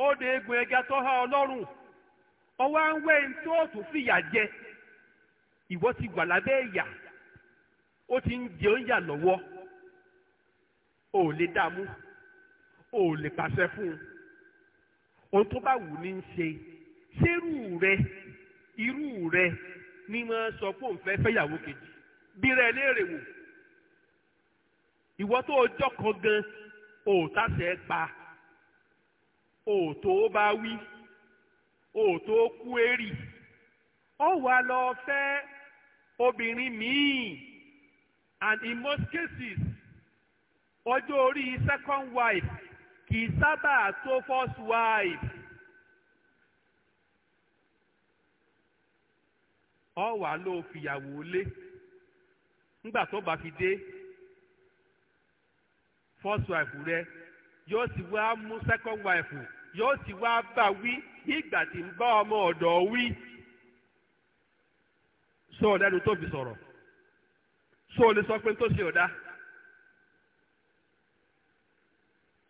o de egbò ẹja tó há ọlọ́run ọwọ́ à ń wẹ́ ń tó tún fìyà jẹ ìwọ ti wà lábẹ́ ìyà ó ti ń jẹ oúnjẹ lọ́wọ́ ò lè dààmú ò lè pàṣẹ fún un ohun tó bá wù ní ṣe rẹ irú rẹ ni mo sọ pé kejì bí rẹ léèrè wò tó kan gan pa ba bá wí to kú èrì ó wà lọ fẹ́ obìnrin míì and in most cases ọjọ́ orí second wife kì í sábà tó first wife. ọ wà ló fìyàwó lé nígbà tó bá fi dé first wife rẹ yóò sì wá mú second wife yóò sì wá bá wí bí tí ń bá ọmọ ọ̀dọ̀ wí sọ ọ̀dà ni tó fi sọ̀rọ̀ sọ ò lè sọ pé tó ṣe ọ̀dà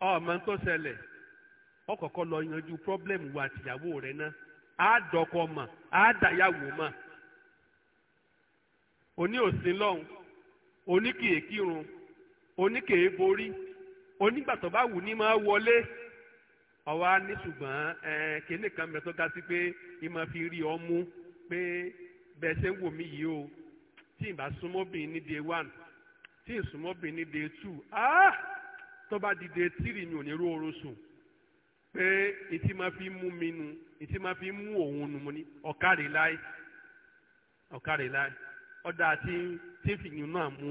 ọmọ tó ṣẹlẹ̀ ọkọ̀ọ̀kọ̀ lọ yanjú pọ́blẹ́mù wa àtìyàwó rẹ̀ náà á dọkọ mọ̀ á dàyàwó O òní òsín lọ́hùn òní kìí kírun òní kìí borí onígbàtọ̀ bá wù ní máa wọlé. ọwọ́ á ní ṣùgbọ́n kínní kan bẹ tó ga sí pé ìmọ̀ fi rí ọ mú pé bẹ́ẹ̀ ṣe ń wò mí yìí o tí ìbá súnmọ́bìnrin ní day one tí ìsúnmọ́bìnrin ní day two ah tó bá di day three ni fi mú mi nu ìtì máa fi mú òun nu mo ní ọ̀kárẹ̀ láì ọ.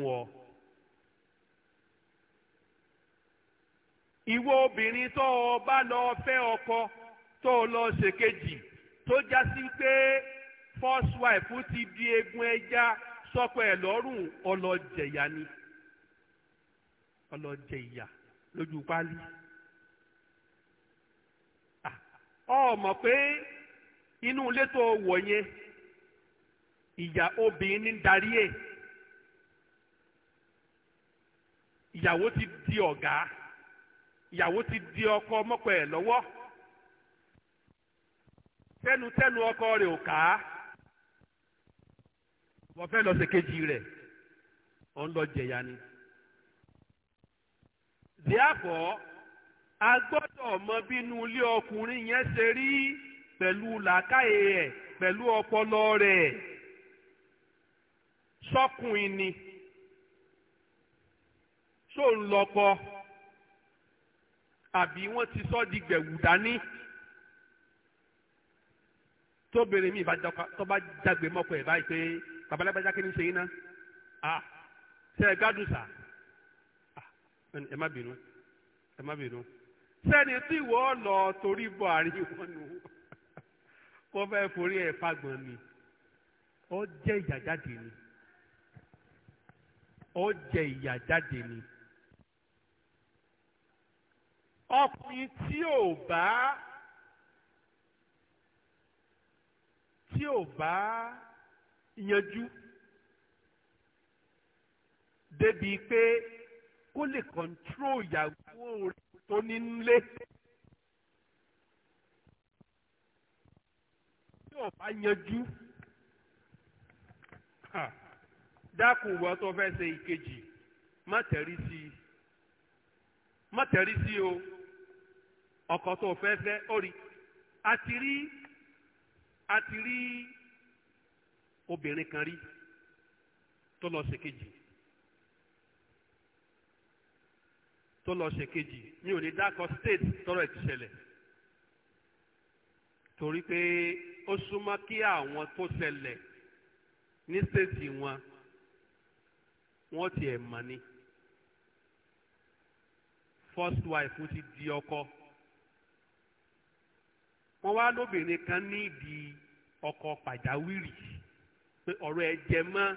ìwọ obìnrin tó o bá lọ fẹ́ ọkọ tó o lọ ṣèkejì tó já sí pé first wife ti di egun ẹja sọpọ ẹ lọ́rùn ọlọjẹyà ni ọlọjẹyà lójú pálí ọ mọ̀ pé inú ilé tó wọ̀ yẹn ìyá obìnrin ń darí ẹ̀ ìyàwó ti di ọ̀gá. ìyàwó ti di ọkọ mọ́kọ ẹ̀ lọ́wọ́ tẹnutẹnu ọkọ rẹ̀ ò ká wọ́n fẹ́ lọ ṣe kejì rẹ̀ ọ̀ ń lọ jẹ̀yà ni. díàpọ̀ a gbọ́dọ̀ mọ bínú ilé ọkùnrin yẹn ṣe rí pẹ̀lú làákàyè ẹ̀ pẹ̀lú ọpọlọ rẹ̀ sọ́kùnrin ni ṣó ń So àbí wọ́n ti sọ di gbẹ̀wù dání tóbìnrin mi tó bá jágbe mọ́kọ ẹ̀ báyìí pé babalábájá kí ni ṣe yín ná ah ṣe é gádùn sá ẹ má bínú ẹ má bínú sẹ́ni tí ìwọ lọ torí bọ̀ àárín wọn nù kó fẹ́ forí ẹ̀ fagbọ̀n ni ó jẹ́ ìyà jáde ni ó jẹ́ ìyà jáde ni ọkùnrin tí ò bá tí ò bá yanjú débi pé kó lè kọ́ńtró ìyàwó rẹ̀ tó ní nílé. tí ò bá yanjú dákun wọ́n tó fẹ́ ṣe ìkejì má tẹ̀rí sí i má tẹ̀rí sí o ọkọ tó fẹ́ fẹ́ ó rí a ti rí a ti rí obìnrin kan rí tó lọ ṣèkejì tó lọ ṣèkejì ní dákọ state tọrọ ti ṣẹlẹ̀ torí pé ó súnmọ́ kí àwọn tó ṣẹlẹ̀ ní state wọn wọ́n tiẹ̀ mọ̀ ni first wife ti di ọkọ wọ́n wá lóbìnrin kan ní ìdí ọkọ pàjáwìrì pé ọ̀rọ̀ ẹ jẹ mọ́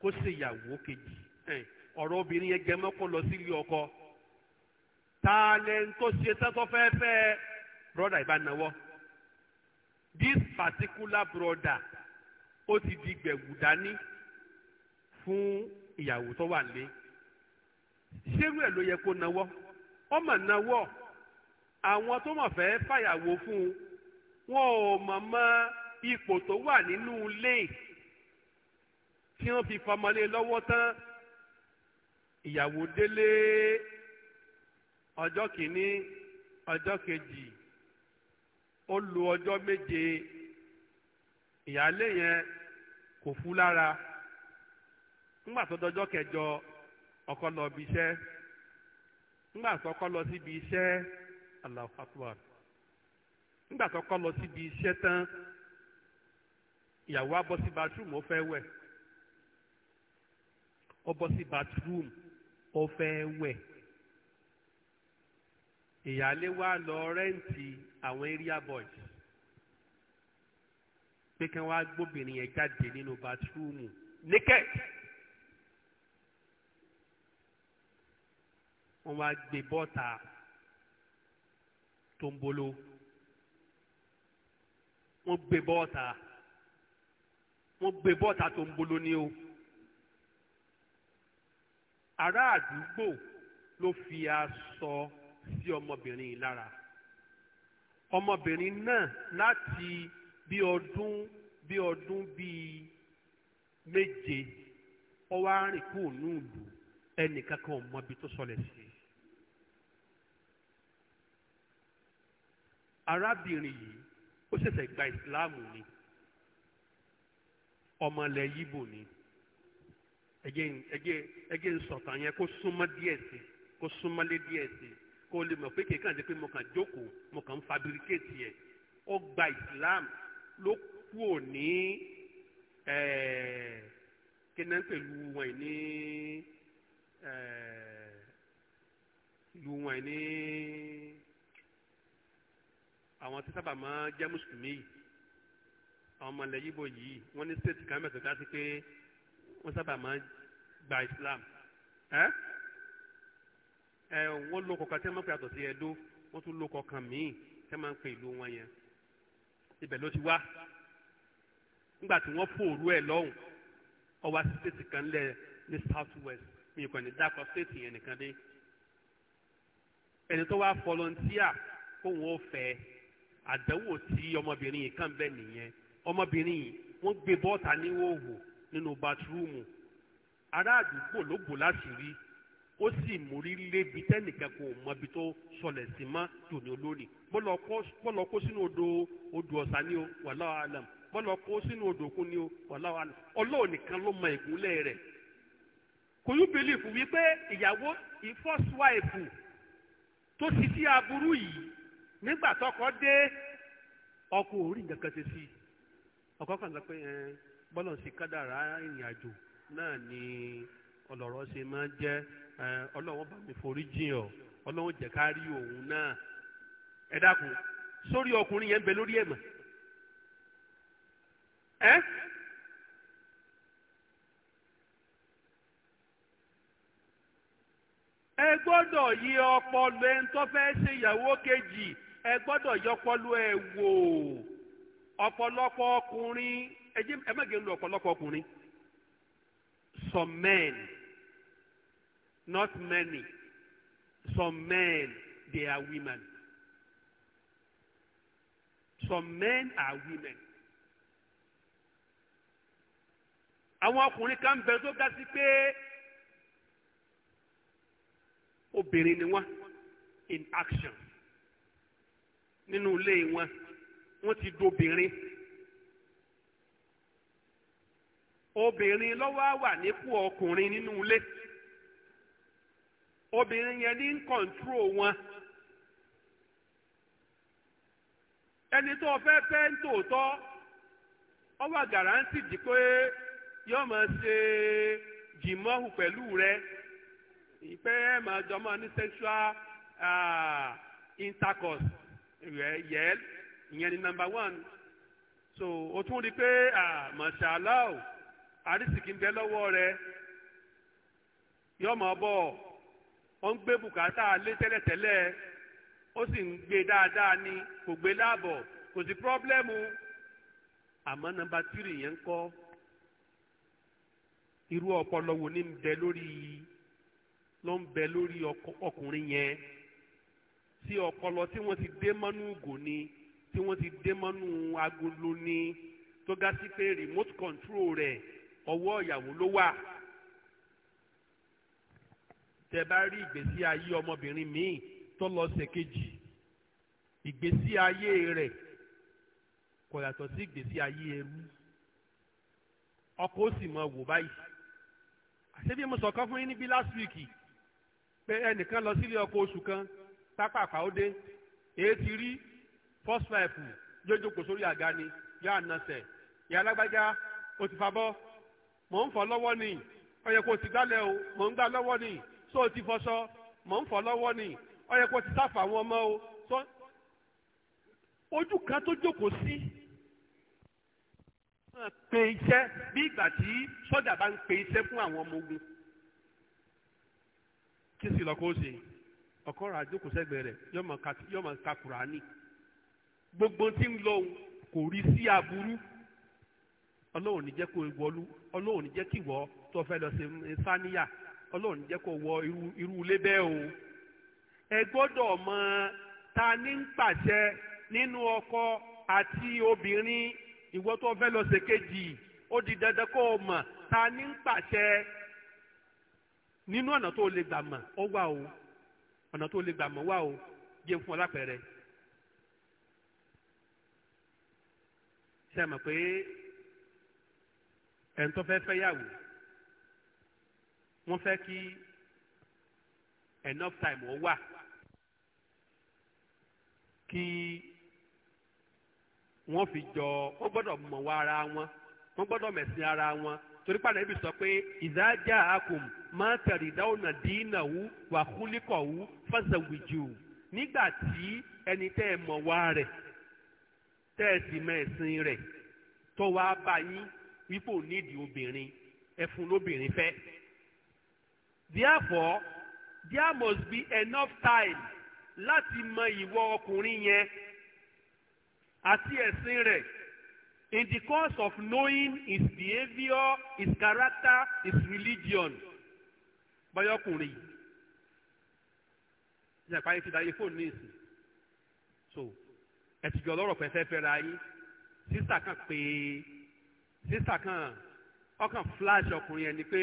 kó ṣèyàwó kejì ọ̀rọ̀ obìnrin yẹn jẹ mọ́ kó lọ sílé ọkọ ta lẹ́ni tó ṣe sẹ́tọ́ fẹ́ẹ́fẹ́ brother ìbánáwọ́ this particular brother ó ti di gbẹ̀wù dání fún ìyàwó tó wà lé ṣérú ẹ̀ ló yẹ kó náwó ọmọ náwó. àwọn tó mọ̀ fẹ́ fàyàwó fún un wọn ò mọ̀ ipò tó wà nínú ilé tí wọ́n fi fọmọlé lọ́wọ́ tán ìyàwó délé ọjọ́ kìíní ọjọ́ kejì ó lo ọjọ́ méje ìyáálé yẹn kò fú lára ńgbà tó dọjọ́ kẹjọ ọkọ lọ bí iṣẹ́ ńgbà tó lọ síbi iṣẹ́. Allahu Akbar nígbà tó kọ́ lọ síbi iṣẹ́ tán ìyàwó abọ́ sí bathroom ó fẹ́ wẹ̀ ó bọ́ sí bathroom ó fẹ́ wẹ̀ ìyáálé wa lọ rẹ́ǹtì àwọn area boys pé kí wọ́n á gbóbìnrin yẹn jáde nínú bathroom naked. wọ́n wá gbé bọ́ta tó ń bolo wọ́n gbé bọ́ọ̀ta wọ́n gbé bọ́ọ̀ta tó ń bolo ni o ará àdúgbò ló fi aṣọ sí ọmọbìnrin yìí lára ọmọbìnrin náà láti bí ọdún bí ọdún bíi méje ó wá rìn kúrò ní ẹnìkan kan ò tó sọlẹ̀ sí i. arábìnrin yìí ó ṣẹ̀ṣẹ̀ gba ìsìláàmù ni ọmọ ilẹ̀ yíbò ni ẹgẹ́ ń sọ̀tàn yẹn kó súnmọ́ díẹ̀ sí kó súnmọ́lé díẹ̀ sí kó lè mọ̀ pé kéèkàn jẹ́ pé mo kàn jókòó mo kàn ń fabricate yẹ ó gba islam ló kú ò ní kíná pẹ̀lú wọn ní ìlú wọn ní àwọn tí sábà máa jẹ́ mùsùlùmí yìí àwọn ọmọlẹ̀ yíbo yìí wọ́n ní state kan mẹ́tọ̀ dá sí pé wọ́n sábà máa gba Islam ẹ ẹ wọ́n lo kọ̀ọ̀kan tí wọ́n máa ń pè àtọ̀ sí Ẹdó wọ́n tún lo kọ̀ọ̀kan míì tí wọ́n máa ń pè ìlú wọn yẹn ibẹ̀ ló ti wá nígbà tí wọ́n fòrú ẹ̀ lọ́hùn ó sí state kan lẹ̀ ní south west mi kàn ní dákọ̀ state yẹn nìkan dé ẹni tó wá fọlọ́ntíà kóun ó fẹ́ àdánwò tí ọmọbìnrin yìí kàn bẹ́ẹ̀ nìyẹn ọmọbìnrin yìí wọ́n gbé bọ́ọ̀tà níwòwò nínú bátírúùmù ará àdúgbò ló bò láṣìírí ó sì mórí lébi tẹ́nìkan kò mọbi tó sọlẹ̀ sí mọ́ tòní olónìí bọ́lọ̀ kó sínú odò odò ọ̀sán ni o wallahu alam bọ́lọ̀ kó sínú odò òkun ni o wallahu alam ọlọ́ọ̀ nìkan ló mọ ìgúnlẹ̀ rẹ̀ kò yú believe wípé ìyàwó ìfọ́síwáìfù tó ti sí aburú yìí nígbà tọkọ dé ọkọ ò rí nǹkan ṣe sí ọkọ kan sọ pé bọlọ sí kádàrá ìrìn àjò náà ni ọlọ́rọ̀ ṣe máa ń jẹ́ ọlọ́run bá mi forí jìn ọ́ ọlọ́run jẹ́ ká rí òun náà ẹ dákun sórí ọkùnrin yẹn ń bẹ lórí ẹ̀ mọ̀ ẹ́ ẹ gbọ́dọ̀ yí ọpọlọ ẹni tó fẹ́ ṣe ìyàwó kejì ẹ gbọ́dọ̀ yọpọlọ ẹ wò ọ̀pọ̀lọpọ̀ ọkùnrin ẹ má gé lu ọ̀pọ̀lọpọ̀ ọkùnrin some men not many some men they are women some men are women. àwọn ọkùnrin kan bẹ tó dá sí pé obìnrin ni wọn in action nínú ilé wọn wọ́n ti dobìnrin obìnrin lọ́wọ́ á wà nípò ọkùnrin nínú ilé obìnrin yẹn ní kọ̀ǹtúrò wọn ẹni tó fẹ́ fẹ́ ń tòótọ́ ó wà gàrántì dì pé yóò máa ṣe jìmọ́hù pẹ̀lú rẹ ìpẹ́ ẹ̀ máa jọmọ́ ní sexual ah, intercourse rẹ̀ yẹ ìyẹn ni number one so o tún rí i pé mashallah o àrísìkì ń bẹ lọ́wọ́ rẹ̀ yọmọ bọ̀ ó ń gbé bùkátà lé tẹ́lẹ̀tẹ́lẹ̀ ó sì ń gbé dáadáa ni kò gbé láàbọ̀ kò sí pírọ́blẹ́mù àmọ́ number three yẹn ń kọ́ irú ọpọlọ wo ni ń bẹ lórí ló ń bẹ lórí ọkùnrin yẹn tí ọpọlọ tí wọ́n ti dé mọ́nú ògò ni tí wọ́n ti dé mọ́nú agolo ni tó ga sí pé remote control rẹ̀ ọwọ́ ìyàwó ló wà tẹ bá rí ìgbésí ayé ọmọbìnrin míì tó lọ ṣèkejì ìgbésí ayé rẹ̀ kò yàtọ̀ sí ìgbésí ayé ẹrú ọkọ ó sì máa wò báyìí àṣebí mo sọ̀kan fún yín níbí last week pé ẹnìkan lọ sílé ọkọ oṣù kan tápàpá ó dé èyí ti rí first five jójókòó sórí àga ni yá ànàsẹ̀ ìyá alágbájá ó ti fa bọ́ mò ń fọ lọ́wọ́ ni ó yẹ kó o ti gbálẹ̀ o mò ń gbá lọ́wọ́ ni só o ti fọṣọ mò ń fọ lọ́wọ́ ni ó kó o ti sáfà àwọn ọmọ o sọ ojú kan tó jókòó sí pe iṣẹ́ bí ìgbà tí sọ́jà bá ń pe iṣẹ́ fún àwọn ọmọ ogun kí sì lọ kó o ṣe. Ọkọrọ rà jókòó sẹ́gbẹ̀ẹ́ rẹ̀ yóò gbogbo tí ń lọ kò rí sí aburú ọlọ́run ní jẹ́ kó e wọlú ọlọ́run ní jẹ́ kí wọ irú ilé bẹ́ẹ̀ o ẹ gbọ́dọ̀ mọ ta ní ń pàṣẹ nínú ọkọ àti obìnrin ìwọ́ kejì ó di dandan kó o ta ní ń ọ̀nà tó lè gbà mọ́ wá o jẹ́ fún ọ lápẹẹrẹ. ṣe mọ̀ pé ẹni tó fẹ́ fẹ́yàwó wọ́n fẹ́ kí enough time ó wà kí wọ́n fi jọ wọ́n gbọ́dọ̀ mọ̀ wá ara wọn wọ́n gbọ́dọ̀ mẹ̀sìn ara wọn torí pàdé ibi sọ pé ìdájà akùn máa tẹ̀rí dáwọ̀nà dínà wú wà kúlíkọ̀ wú fásitì nígbà tí ẹni tẹ́ ẹ mọ̀ wá rẹ̀ tẹ́ ẹ sì mọ ẹ̀sìn rẹ̀ tó wá bá yín wípò nídìí obìnrin ẹ lóbìnrin fẹ́. therefore there must be enough time láti mọ ìwọ ọkùnrin yẹn àti ẹ̀sìn rẹ̀ in the course of knowing his behavior his character his religion bọ́yọ̀kùnrin yìí ní ẹ̀ka yìí ti dáyé fóònù ní ìsìn so ẹ̀tìjọ́ ọlọ́rọ̀ pẹ̀fẹ́ fẹ́ra yín sísà kan pé sísà kan ọkàn flash ọkùnrin yẹn ni pé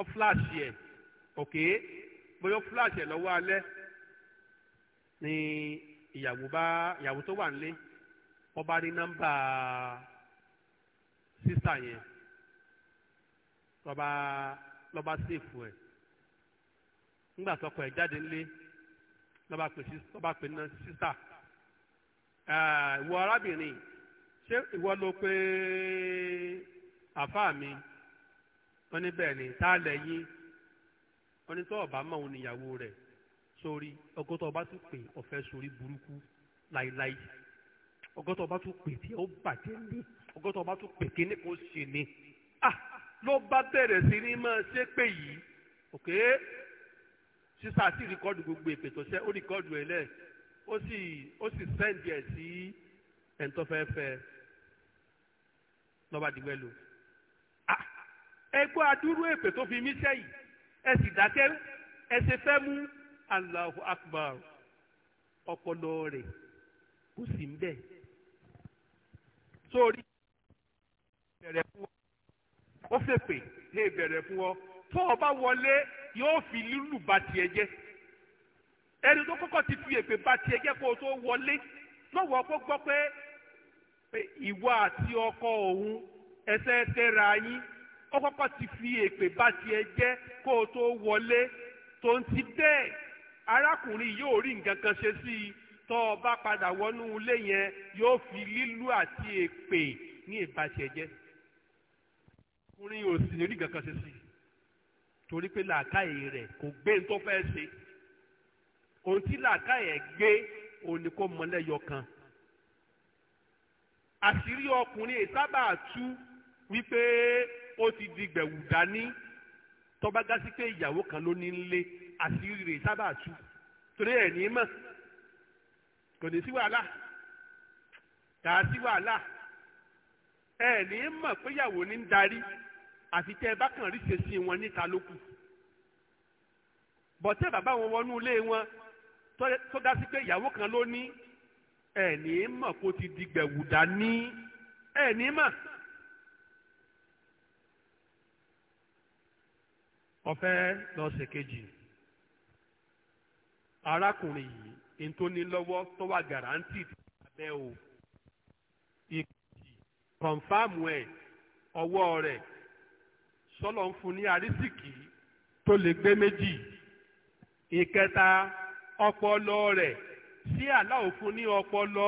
ọ flash yẹ òkè bóyá flash yẹ lọ́wọ́ alẹ́ ni ìyàwó bá ìyàwó tó wà nílé ó bá rí nọ́mbà sísà yẹn lọ́ba lọ́ba sèfù ẹ̀ nígbà tọkọ ẹ̀ jáde nílé lọ́ba pè lọ́ba pè ná sísà ìwọ arábìnrin ṣé ìwọ ló pé àfáà mi wọ́n ní bẹ́ẹ̀ ni tá a lẹ̀ yín wọ́n ní tó ọ̀bá mọ̀ òun níyàwó rẹ̀ sórí ọgọ́tọ̀ ọba sì pè ọ̀fẹ́ sórí burúkú láíláí ọgọ́tọ̀ ọba tún pè tí ó bàjẹ́ ní ọgọ́tọ̀ ọba tún pè kí ní kò ṣe ni ah ló bá bẹ̀rẹ̀ sí ní máa ṣe pé yìí òkè sísá sí rìkọ́dù gbogbo èpè tó ṣe ó rìkọ́dù ẹ̀ lẹ̀ ó sì ó sì sẹ́ǹdì ẹ̀ sí ẹ̀ńtọ́fẹ́fẹ́ lọ́ba dìgbẹ́ lò ah ẹgbẹ́ adúrú èpè tó fi mí sẹ́yìn ẹ sì dákẹ́ ẹ ṣe fẹ́ mú Allahu Akbar ọpọlọ rẹ̀ kò sí ń bẹ́ẹ̀. sórí bẹ̀rẹ̀ fún ọ ó ṣèpè ṣe bẹ̀rẹ̀ fún ọ tó o bá wọlé yóò fi lílù ba tiẹ̀ jẹ́ ẹni tó kọ́kọ́ ti fi èpè ba tiẹ̀ jẹ́ kó o tó wọlé lọ́wọ́ kó gbọ́ pé ìwọ àti ọkọ òun ẹsẹ̀ tẹ́ra yín ó kọ́kọ́ ti fi èpè ba tiẹ̀ jẹ́ kó o tó wọlé tó ń ti bẹ́ẹ̀ arákùnrin yóò rí nǹkan kan ṣe sí i. tọ́ ọ bá padà wọnú ilé yẹn yóò fi lílù àti èpè ní ìbáṣẹ jẹ́ ọkùnrin ò ní orí kankan ṣe sí torí pé làákàyè rẹ̀ kò gbé ní tó fẹ́ ṣe ohun tí làákàyè gbé òun ni kò mọlẹ́yọ kan àṣírí ọkùnrin ìsábà tú wípé ó ti di gbẹ̀wù dání tọ́ba gásí pé ìyàwó kan ló ní ń lé àṣírí rẹ̀ ìsábà tú torí ẹ̀ ní mọ̀ kò ní sí wàhálà kà á sí wàhálà ẹ ní mọ̀ péyàwó ní ń darí àfi tẹ́ ẹ bá kàn rí ṣèṣì wọn níta lókù bọ̀tẹ́ bàbá wọn wọnú ilé wọn tó dá sí pé ìyàwó kan ló ní ẹ ní mọ̀ kó ti di gbẹ̀wù dání ẹ ní mọ̀. ọ̀fẹ́ lọ́sẹ̀ kejì arákùnrin yìí ìtónilọ́wọ́ tó wà garanti abẹ́ o ìkejì kọ̀nfàmù ẹ̀ ọwọ́ rẹ̀ sọ́lọ̀ ń fún ní àrísìkì tó lè gbé méjì ìkẹta ọpọlọ rẹ̀ sí aláwọ̀ fún ní ọpọlọ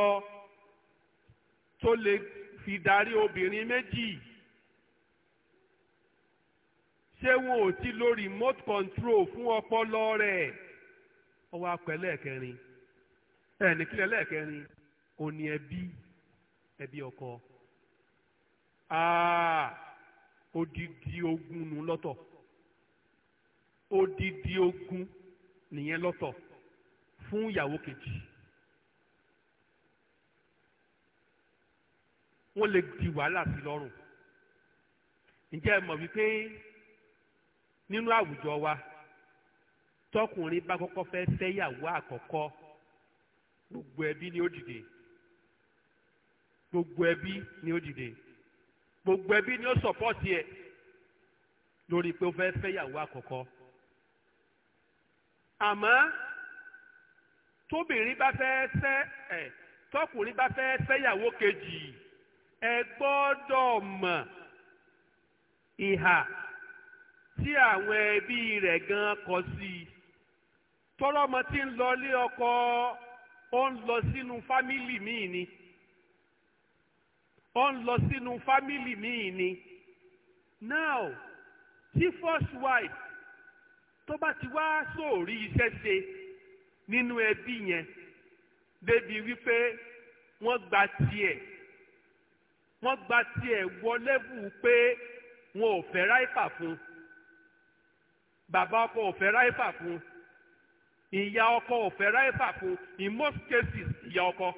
tó lè fi darí obìnrin méjì ṣé wọn ò ti lo remote control fún ọpọlọ rẹ̀ ọwọ́ apẹ̀lẹ́ kẹrin. ẹnì kílẹ̀ o òní ẹbí ẹbí ọkọ odidi ogun nu lọ́tọ̀ odidi ogun nìyẹn lọ́tọ̀ fún ìyàwó kejì wọ́n lè di wàhálà sí lọ́rùn ǹjẹ́ ẹ mọ̀ wípé nínú àwùjọ wa tọkùnrin bá kọ́kọ́ fẹ́ fẹ́ yàwó àkọ́kọ́ gbogbo ẹbí ni ó dìde gbogbo ẹbí ni ó dìde gbogbo ẹbí ni ó sọpọ́ọ̀tì ẹ lórí pé ó fẹ́ fẹ́yàwó àkọ́kọ́ àmọ́ tóbìnrin bá fẹ́ fẹ́ ẹ tọkùnrin bá fẹ́ fẹ́yàwó kejì ẹ gbọ́dọ̀ mọ̀ ìhà tí àwọn ẹbí rẹ̀ gan kọ sí tọ́lọ́mọ tí ń lọ lé ọkọ ó ń lọ sínú fámìlì míì ni ó ń lọ sínú fámìlì míì ni now tí first wife tó bá ti wá sóòrí iṣẹ́ ṣe nínú ẹbí yẹn débi wípé wọ́n gba tiẹ̀ wọ́n gba tiẹ̀ wọlé bù pé wọn ò fẹ́ ráìfà fún bàbá ọkọ ò fẹ́ ráìfà fún un ìyá ọkọ ò fẹ́ ráìsà fún in most cases ìyá ọkọ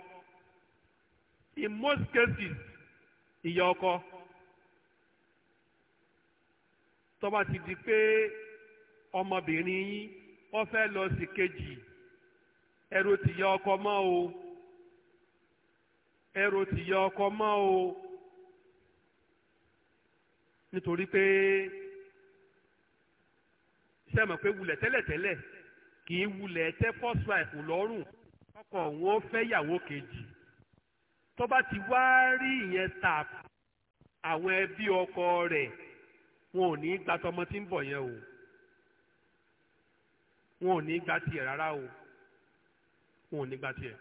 in most cases ìyá ọkọ tó bá ti di pé ọmọbìnrin yín wọ́n fẹ́ lọ sí kejì ẹrù ti yọ ọkọ mọ́ o ẹrù ti yọ ọkọ mọ́ o nítorí pé ṣé mọ̀ pé wulẹ̀ tẹ́lẹ̀tẹ́lẹ̀ kì í wulẹ̀ tẹ́ first wife lọ́rùn ọkọ òun ó fẹ́ yàwó kejì tó bá ti wá rí ìyẹn tap àwọn ẹbí ọkọ rẹ̀ wọn ò ní gba tọmọ tí ń bọ̀ yẹn o wọn ò ní gba tiẹ̀ rárá o wọn ò ní gba tiẹ̀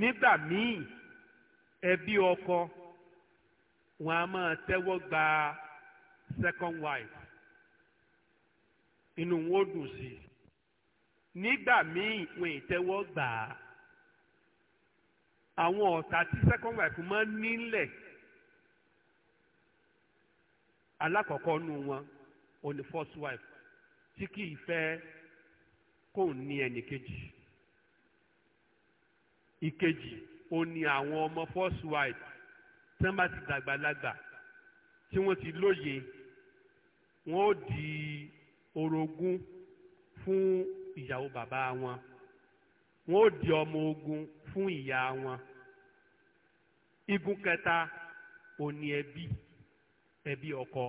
nígbà míì ẹbí ọkọ wọn a máa tẹ́wọ́ gba second wife inú wọn ò dùn sí i nígbà míì wọn ìtẹ́wọ́ gbà á àwọn ọ̀tá tí second wife máa ń nílẹ̀ alákọ̀ọ́kọ́ nu wọn ò ní first wife tí kì í fẹ́ kó ní ẹnì kejì ìkejì ò ní àwọn ọmọ first wife tí wọ́n bá ti dàgbàlagbà tí wọ́n ti lóye wọ́n ó di orogún fún ìyàwó bàbá wọn wọn ó di ọmọ ogun fún ìyá wọn igun kẹta òní ẹbí ẹbí ọkọ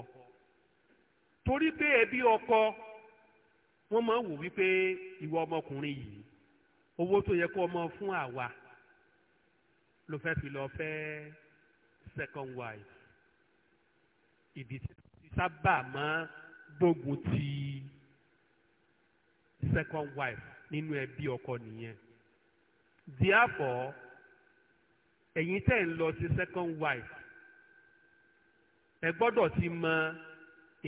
torí pé ẹbí ọkọ wọn máa ń wò wípé ìwọ ọmọkùnrin yìí owó tó yẹ kó ọmọ fún àwa ló fẹ́ fi lọ fẹ́ second wife ìdí sábà máa gbógun ti second wife nínú ẹbí ọkọ nìyẹn therefore ẹ̀yin tẹ́ ń lọ sí second wife ẹ gbọ́dọ̀ ti mọ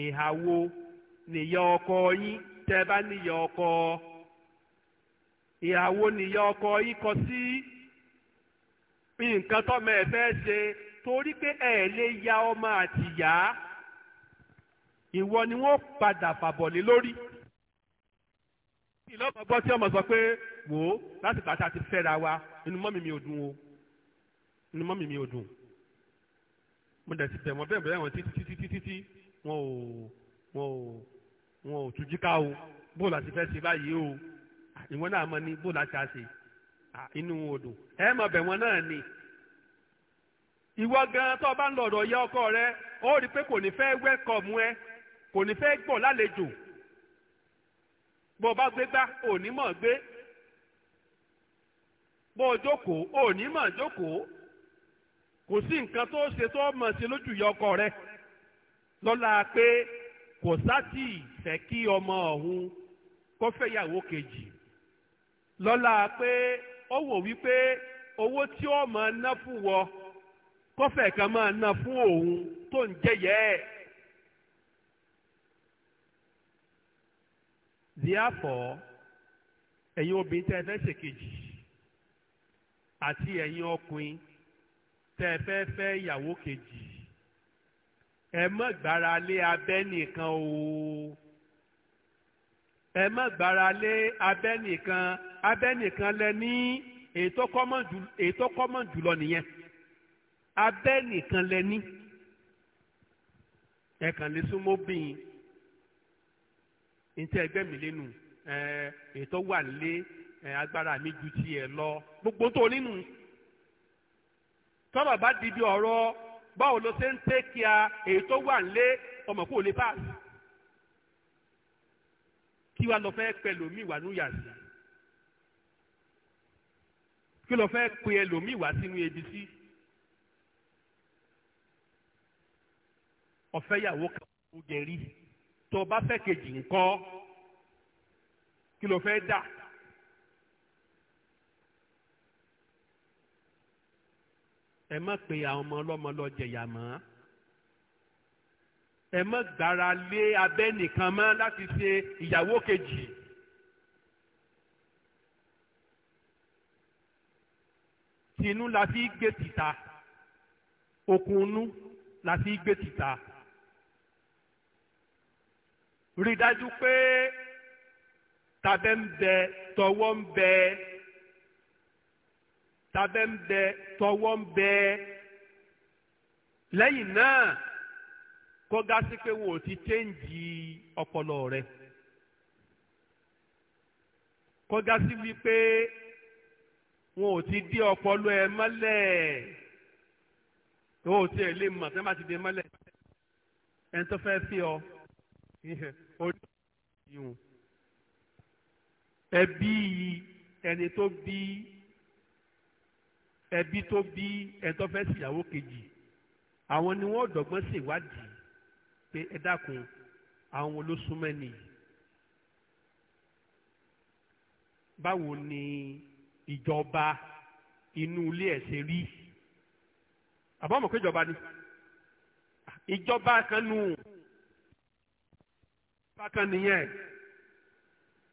ìhàwó nìyá ọkọ yín tẹ́ bá níyà ọkọ ìhàwó nìyá ọkọ yín kọ sí nǹkan tọ́mọ ẹ̀ fẹ́ ṣe torí pé ẹ̀ lè ya ọmọ àtìyá ìwọ ni wọ́n padà fàbọ̀ lé lórí. ìlọ́mọ gbọ́ tí ọmọ sọ pé wò ó láti bàtà ti fẹ́ra wa inú mọ́mì mi ò dùn o inú mọ́mì mi ò dùn. mo dẹ̀ ti bẹ̀ wọ́n bẹ́ẹ̀ bẹ́ẹ̀ wọ́n títí títí títí wọn ò wọn ò wọn ò tún jíká o bó láti fẹ́ ṣe báyìí o ìwọ náà mọ ní bó láti á ṣe inú wọn ò dùn ẹ mọ bẹ̀ wọ́n náà ni ìwọ gan tó o bá ń lọ ọ̀dọ̀ ya ọkọ rẹ ó rí i pé kò ní fẹ́ wẹ́kọ̀mù ẹ kò ní fẹ́ gbọ̀ lálejò bó o bá gbé gbá ò ní mọ̀ gbé bó o jókòó ò ní mọ̀ jókòó kò sí nǹkan tó ṣe tó mọ̀ sí lójú ìyá ọkọ rẹ lọ́la pé kò sátì fẹ́ kí ọmọ ọ̀hún kó fẹ́yàwó kejì lọ́la pé ó wò wípé owó tí ó mọ̀ ná fún wọ kọ́fẹ̀ kan máa ná fún òun tó ń jẹ́yẹ́ ẹ̀. therefore ẹ̀yin obìnrin tẹ́ ẹ fẹ́ ṣèkejì àti ẹ̀yin ọkùnrin tẹ́ ẹ fẹ́ fẹ́ ìyàwó kejì ẹ má gbára lé abẹ́ nìkan o ẹ má gbára lé abẹ́ nìkan abẹ́ nìkan lẹ ní ètò kọ́mọ̀ jùlọ nìyẹn abẹ́ nìkan lẹ ní ẹ̀kànlẹ́sùmọ́bìn ntẹ ẹgbẹ́ mi lẹ́nu ètò wà nílé agbára mi ju tiẹ̀ lọ gbogbo tó nínú tọ́lọ̀ bá di bí ọ̀rọ̀ báwo ló ṣe ń tẹ́ kí a ètò wà nílé ọmọ kò lè paasi kí wàá lọ fẹ́ pẹ lòmí wà nú yàtì kí lọ fẹ́ pe lòmí wà sínú ebi sí ọ̀fẹ́ yàwó kan ó jẹ tó o bá fẹ́ kejì ńkọ́ kí ló fẹ́ dà. ẹ má pe àwọn ọmọ ọlọ́mọ lọ jẹ̀yà mọ́ ẹ má gbára lé abẹ́ nìkan mọ́ láti ṣe ìyàwó kejì. tinú la fi gbé tìta òkunú la fi gbé tìta rí dájú pé tabẹ́ ń bẹ tọwọ́ ń bẹ tabẹ́ ń bẹ tọwọ́ ń bẹ lẹ́yìn náà kó gá sí pé wo ti téǹjì ọpọlọ rẹ kó gá sí wípé wọn ò ti dé ọpọlọ ẹ mọ́lẹ̀ wọn ò tiẹ̀ lè mọ̀ tí bá ti dé mọ́lẹ̀ ẹni tó fẹ́ fi ọ. orí ìhùn ẹbí ẹni tó bí ẹbí tó bí ẹni tó fẹ́ ṣìyàwó kejì àwọn ni wọ́n dọ̀gbọ́n ṣèwádìí pé ẹ dákun àwọn olóṣùmọ̀ ẹni yìí báwo ni ìjọba inú ilé ẹ̀ ṣe rí àbọ̀mọ̀ pé ìjọba ni ìjọba kan nù bákan nìyẹn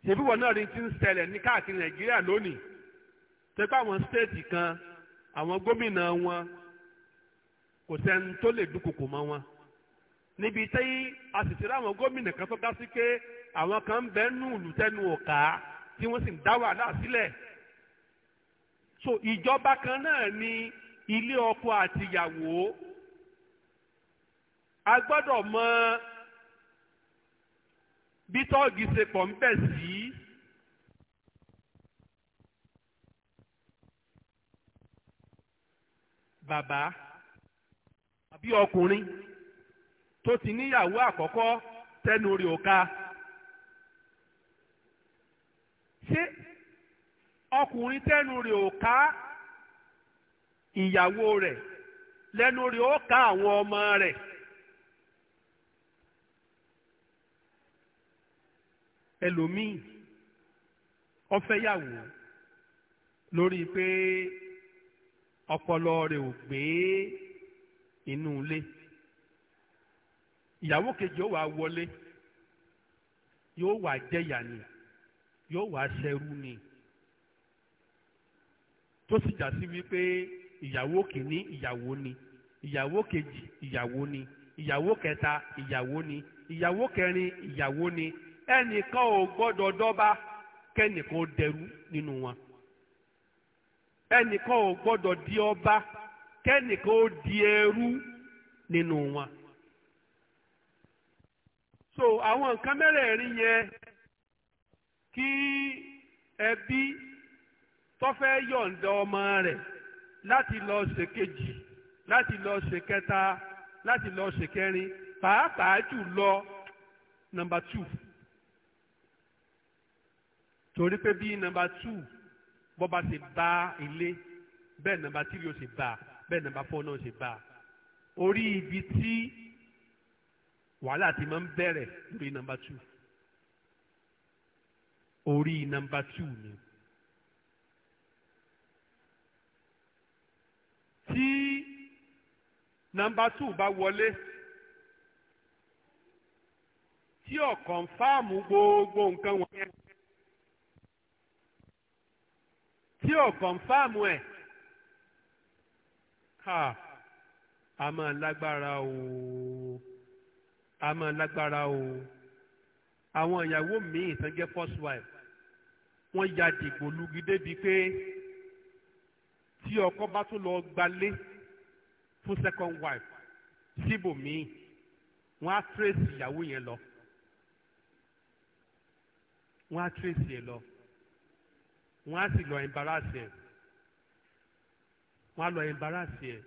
ṣèbí wọn náà rí ti ń ṣẹlẹ̀ ní káàkiri nàìjíríà lónìí tẹ́pẹ́ àwọn stéètì kan àwọn gómìnà wọn kò sẹ́ni tó lè dúnkokò mọ́ wọn níbi tí a sì ti gómìnà kan tó dá sí pé àwọn kan ń bẹ nù lùtẹ́nu ọ̀ká tí wọ́n sì ń dá wàhálà sílẹ̀ so ìjọba kan náà ni ilé ọkọ àtìyàwó a gbọ́dọ̀ mọ bí tọ́ọ̀gì ṣe pọ̀ ń bẹ̀ sí. bàbá àbí ọkùnrin tó ti níyàwó àkọ́kọ́ tẹnu rí òka ṣé ọkùnrin tẹnu rí òka ìyàwó rẹ̀ lẹ́nu rí òka àwọn ọmọ rẹ̀. ẹlòmíì ó fẹ́ yàwó lórí pé ọpọlọ rẹ̀ ò gbé inú ilé ìyàwó kejì ó wàá wọlé yóò wàá jẹyà ni yóò wàá ṣẹrú ni tó sì jà sí wípé ìyàwó kìíní ìyàwó ni ìyàwó kejì ìyàwó ni ìyàwó kẹta ìyàwó ni ìyàwó kẹrin ìyàwó ni ẹnìkan ò gbọ́dọ̀ dọ́ba kẹ́nìkan ó dẹrú nínú wọn ẹnìkan ò gbọdọ di ọba kẹ́nìkan ó di ẹrú nínú wọn. so àwọn nǹkan mẹ́rẹ̀ẹ̀rin yẹn kí ẹbí tó fẹ́ yọ̀ǹda ọmọ rẹ̀ láti lọ ṣèkejì láti lọ ṣèkẹta láti lọ ṣèkẹrin pàápàá jù lọ nọ́mbà two. torí pé bí nọ́mbà two bọ́ bá ṣe bá ilé bẹ́ẹ̀ nọ́mbà three ó ṣe bá bẹ́ẹ̀ nọ́mbà four náà ṣe bá orí ibi tí wàhálà ti máa ń bẹ̀rẹ̀ lórí nọ́mbà two orí nọ́mbà two ni. tí nọ́mbà two bá wọlé tí ó kọ̀ǹfàmù gbogbo nǹkan wọ̀nyẹn. tí ò kọ̀ǹfàmù ẹ̀ ha a máa lágbára o a máa lágbára o àwọn ìyàwó míì tán jẹ́ first wife wọ́n ya dìgbò lugi débi pé tí ọkọ bá tún lọ gbalé fún second wife síbòmíì wọ́n á trace ìyàwó yẹn lọ wọ́n á trace yẹn lọ wọ́n á sì lọ ẹ̀ǹbarasì ẹ̀ wọ́n á lọ ẹ̀ǹbarasì ẹ̀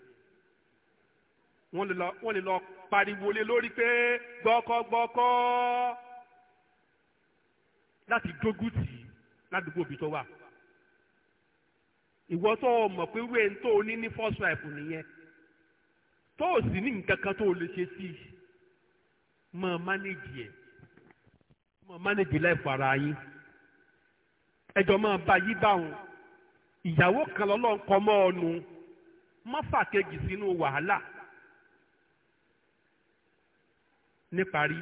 wọ́n lè lọ wọ́n lè lọ pariwo lé lórí pé gbọ́kọ́gbọ́kọ́ láti dógùn ládùúgbò ibi wà ìwọ tó o mọ̀ pé wíwé tó o ní ní first wife nìyẹn tó o sì ní nǹkan kan tó o lè ṣe sí i mọ̀ mánéjì ẹ̀ mọ̀ mánéjì láìpọ̀ ara yín ẹjọ́ máa bá yí báwọn ìyàwó kan lọ́lọ́run kọ́ mọ́ ọnu má fàkejì sínú wàhálà níparí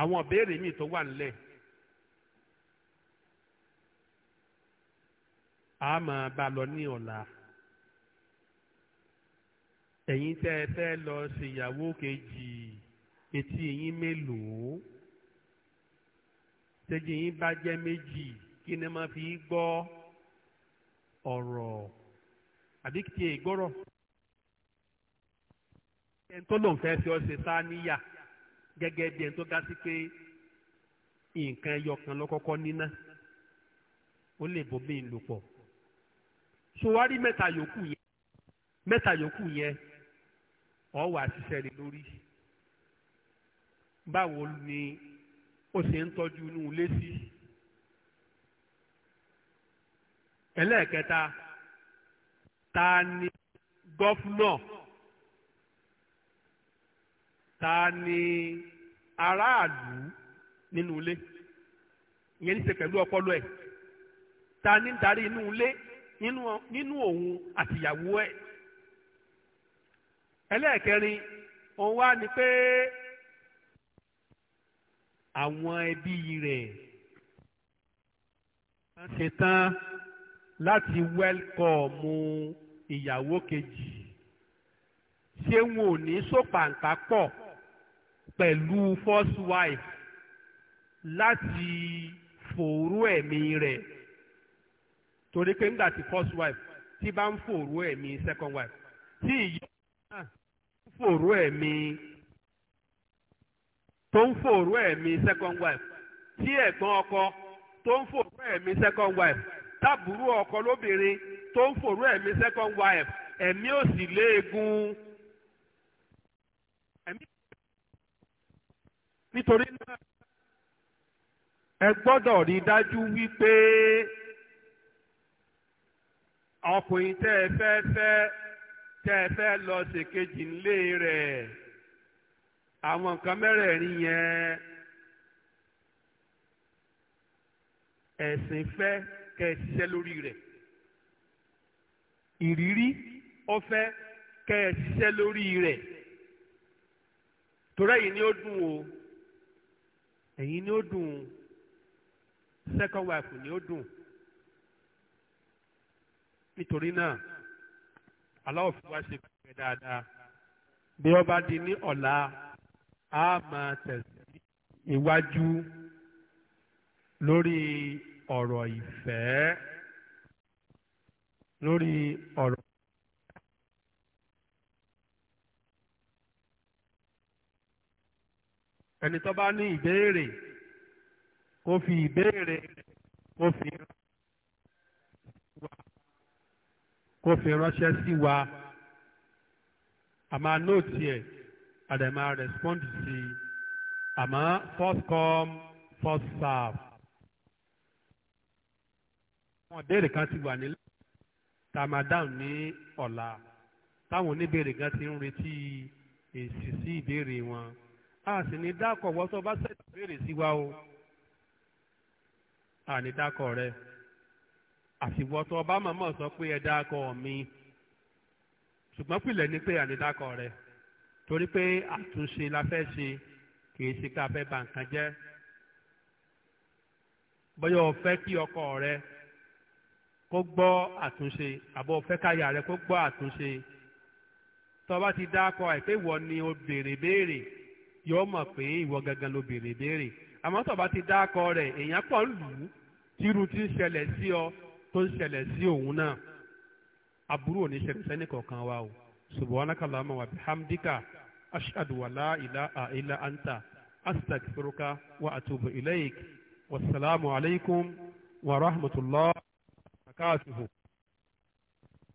àwọn ìbéèrè míì tó wà nílẹ̀ a máa bá lọ ní ọ̀la ẹ̀yin tẹ́ ẹ fẹ́ lọ ṣèyàwó kejì etí ẹ̀yin mélòó. tẹ́jú yín bá jẹ́ méjì kí ni ma fi gbọ́ ọ̀rọ̀ àbí kìí tiẹ̀ gbọ́rọ̀ ẹni tó lòun fẹ́ fi ọ ṣe sá níyà gẹ́gẹ́ bí ẹni tó dá sí pé nǹkan ẹyọ kan ló kọ́kọ́ níná ó lè bómi lò pọ̀ sowari mẹ́ta yòókù yẹn mẹ́ta yòókù yẹn ọ wà ṣiṣẹ́ rẹ lórí báwo ni ó sì ń tọ́jú inú ilé sí. ẹlẹ́ẹ̀kẹta ta ni gọ́fúnọ̀ ta ni aráàlú nínú ilé ìyẹn ní í ṣe pẹ̀lú ọpọlọ ẹ̀ ta ni ń darí inú ilé nínú òun àtìyàwó ẹ̀ ẹlẹ́ẹ̀kẹrin òun wá ni pé àwọn ẹbí rẹ̀ wọ́n ṣe tán láti wẹ́lkọ̀mù ìyàwó kejì ṣé wọn ò ní sòpàǹkà pọ̀ pẹ̀lú first wife láti fòrú ẹ̀mí rẹ̀ torí pé nígbà tí first wife Ti bá ń fòrú ẹ̀mí second wife tí ìyá náà fòrú ẹ̀mí tó ń fòrú ẹ̀mí second wife tí ẹ̀gbọ́n ọkọ tó ń fòrú ẹ̀mí second wife tábùrú ọkọ lóbìnrin tó ń fòrú ẹ̀mí second wife ẹ̀mí ò sì léegun. nítorí náà ẹ gbọ́dọ̀ rí dájú wípé ọkùnrin tẹ́ ẹ fẹ́ fẹ́ tẹ́ ẹ fẹ́ lọ ṣèkejì ńlé rẹ̀ àwọn nǹkan mẹ́rẹ̀ẹ̀rin yẹn ẹ̀sìn fẹ́ kẹ́ ẹ ṣiṣẹ́ lórí rẹ̀ ìrírí ọfẹ́ kẹ́ ẹ ṣiṣẹ́ lórí rẹ̀ torí ẹ̀yin ni ó dùn o ẹ̀yin ni ó dùn second wife ni ó dùn nítorí náà aláwọ̀ fi wá ṣe pẹ̀lú dáadáa bí ọba di ní ọ̀la a máa tẹ̀sí iwájú lórí ọ̀rọ̀ ìfẹ́ lórí ọ̀rọ̀. ẹni tó bá ní ìbéèrè kó fi ìbéèrè kó fi kó fi ránṣẹ́ sí wa a máa nóòtì ẹ̀ àdèmà respond sí i first come first serve. àwọn ìbéèrè kan ti wà nílẹ̀ tamadan ní ọ̀la táwọn oníbèrè kan ti ń retí èsì sí ìbéèrè wọn a sì ní dákọ̀ wọ́n tó bá ṣẹ̀ṣẹ̀ béèrè sí wa o a ní dákọ̀ rẹ àsìwọ́ tó bá mọ̀mọ́ sọ pé ẹ dákọ̀ mi ṣùgbọ́n pìlẹ̀ ni pé a ní dákọ̀ rẹ torí pé àtúnṣe la fẹ́ ṣe kì í ṣe ká fẹ́ bà nǹkan jẹ́ bóyá o fẹ́ kí ọkọ rẹ kó gbọ́ àtúnṣe àbọ̀ o fẹ́ káyà rẹ kó gbọ́ àtúnṣe tó bá ti dá akọ àìpé ìwọ ni o béèrè béèrè yóò mọ̀ pé ìwọ gangan ló béèrè béèrè àmọ́ tó bá ti dá akọ rẹ èèyàn pọ̀ lù ú tírú ti ń ṣẹlẹ̀ sí ọ tó ń ṣẹlẹ̀ sí òun náà aburú ní ṣẹlẹ̀ sẹ́nìkọ̀ọ̀kan wa o subhanakallahumma wa bihamdika. أشهد ولا إله إلا أنت أستغفرك وأتوب إليك والسلام عليكم ورحمة الله وبركاته